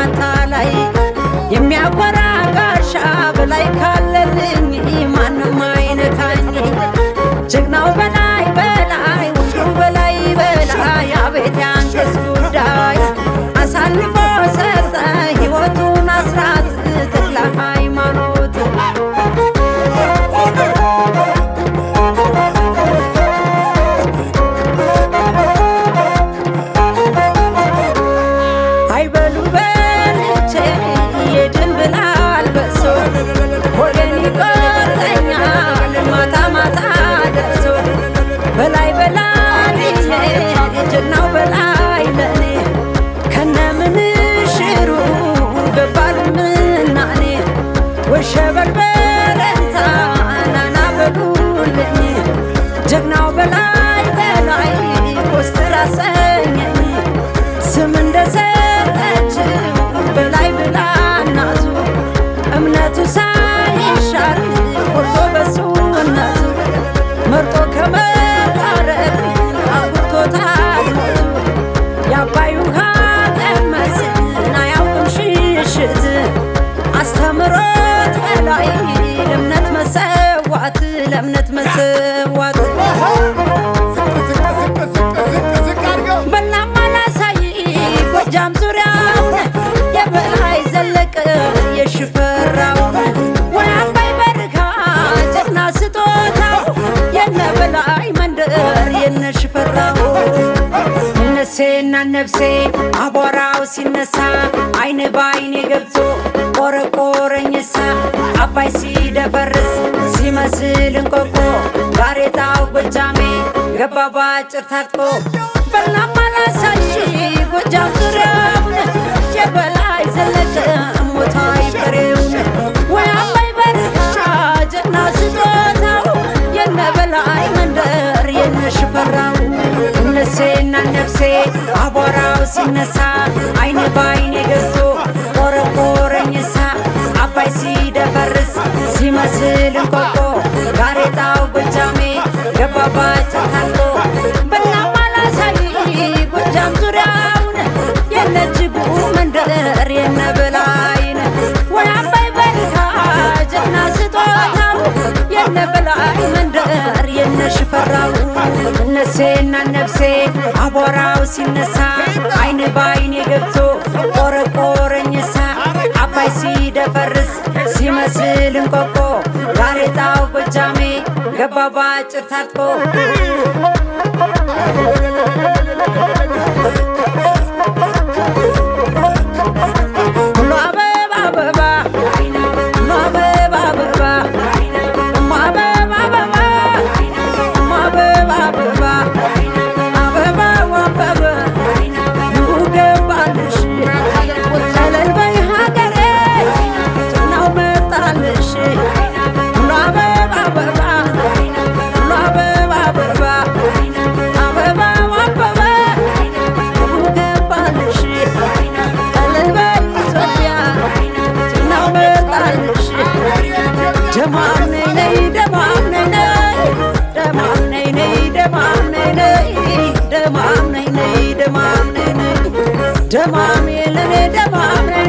ማታ ላይ የሚያኮራ ጋሻ በላይ ካለልኝ ማንም አይነታኝ ጀግናው በላይ በላይ ውዱ በላይ በላይ አቤት ያንተስ ጉዳይ አሳልፎ ሰጠ ሕይወቱን አስራት ተክለ በረታ ናና በሉልኝ እምነት መስዋዕት ነፍሴ አቧራው ሲነሳ አይን ባይኔ ገብቶ ቆረቆረኝሳ አባይ ሲደፈርስ ሲመስል እንቆቆ ጋሬጣው ጎጃሜ ገባ ባጭር ታጥቆ በላም አላሳሽ ጎጃም ዙሪያውን የበላይ ዘለቀ ሞታዊ በሬውን ይሆናል ነፍሴ አቧራው ሲነሳ አይኔ ባይኔ ገዝቶ ቆረቆረኝሳ አባይ ሲደፈርስ ሲመስል እንቆጦ ጋሬጣው ጎጃሜ ገባባቸ ታሎ በናማላሳይ ጎጃም ዙሪያውን የነጅቡ መንደር የነበላይን ወይ አባይ በልታ ጀግና ስጦታው የነበላይ ሲና ነፍሴ አቧራው ሲነሳ አይን ባይኔ ገብቶ ቆረቆረኝሳ አባይ ሲደፈርስ ሲመስል እንቆቆ ጋሬጣው ጎጃሜ ገባ ባጭር ታጥቆ ደማም የለም ደማም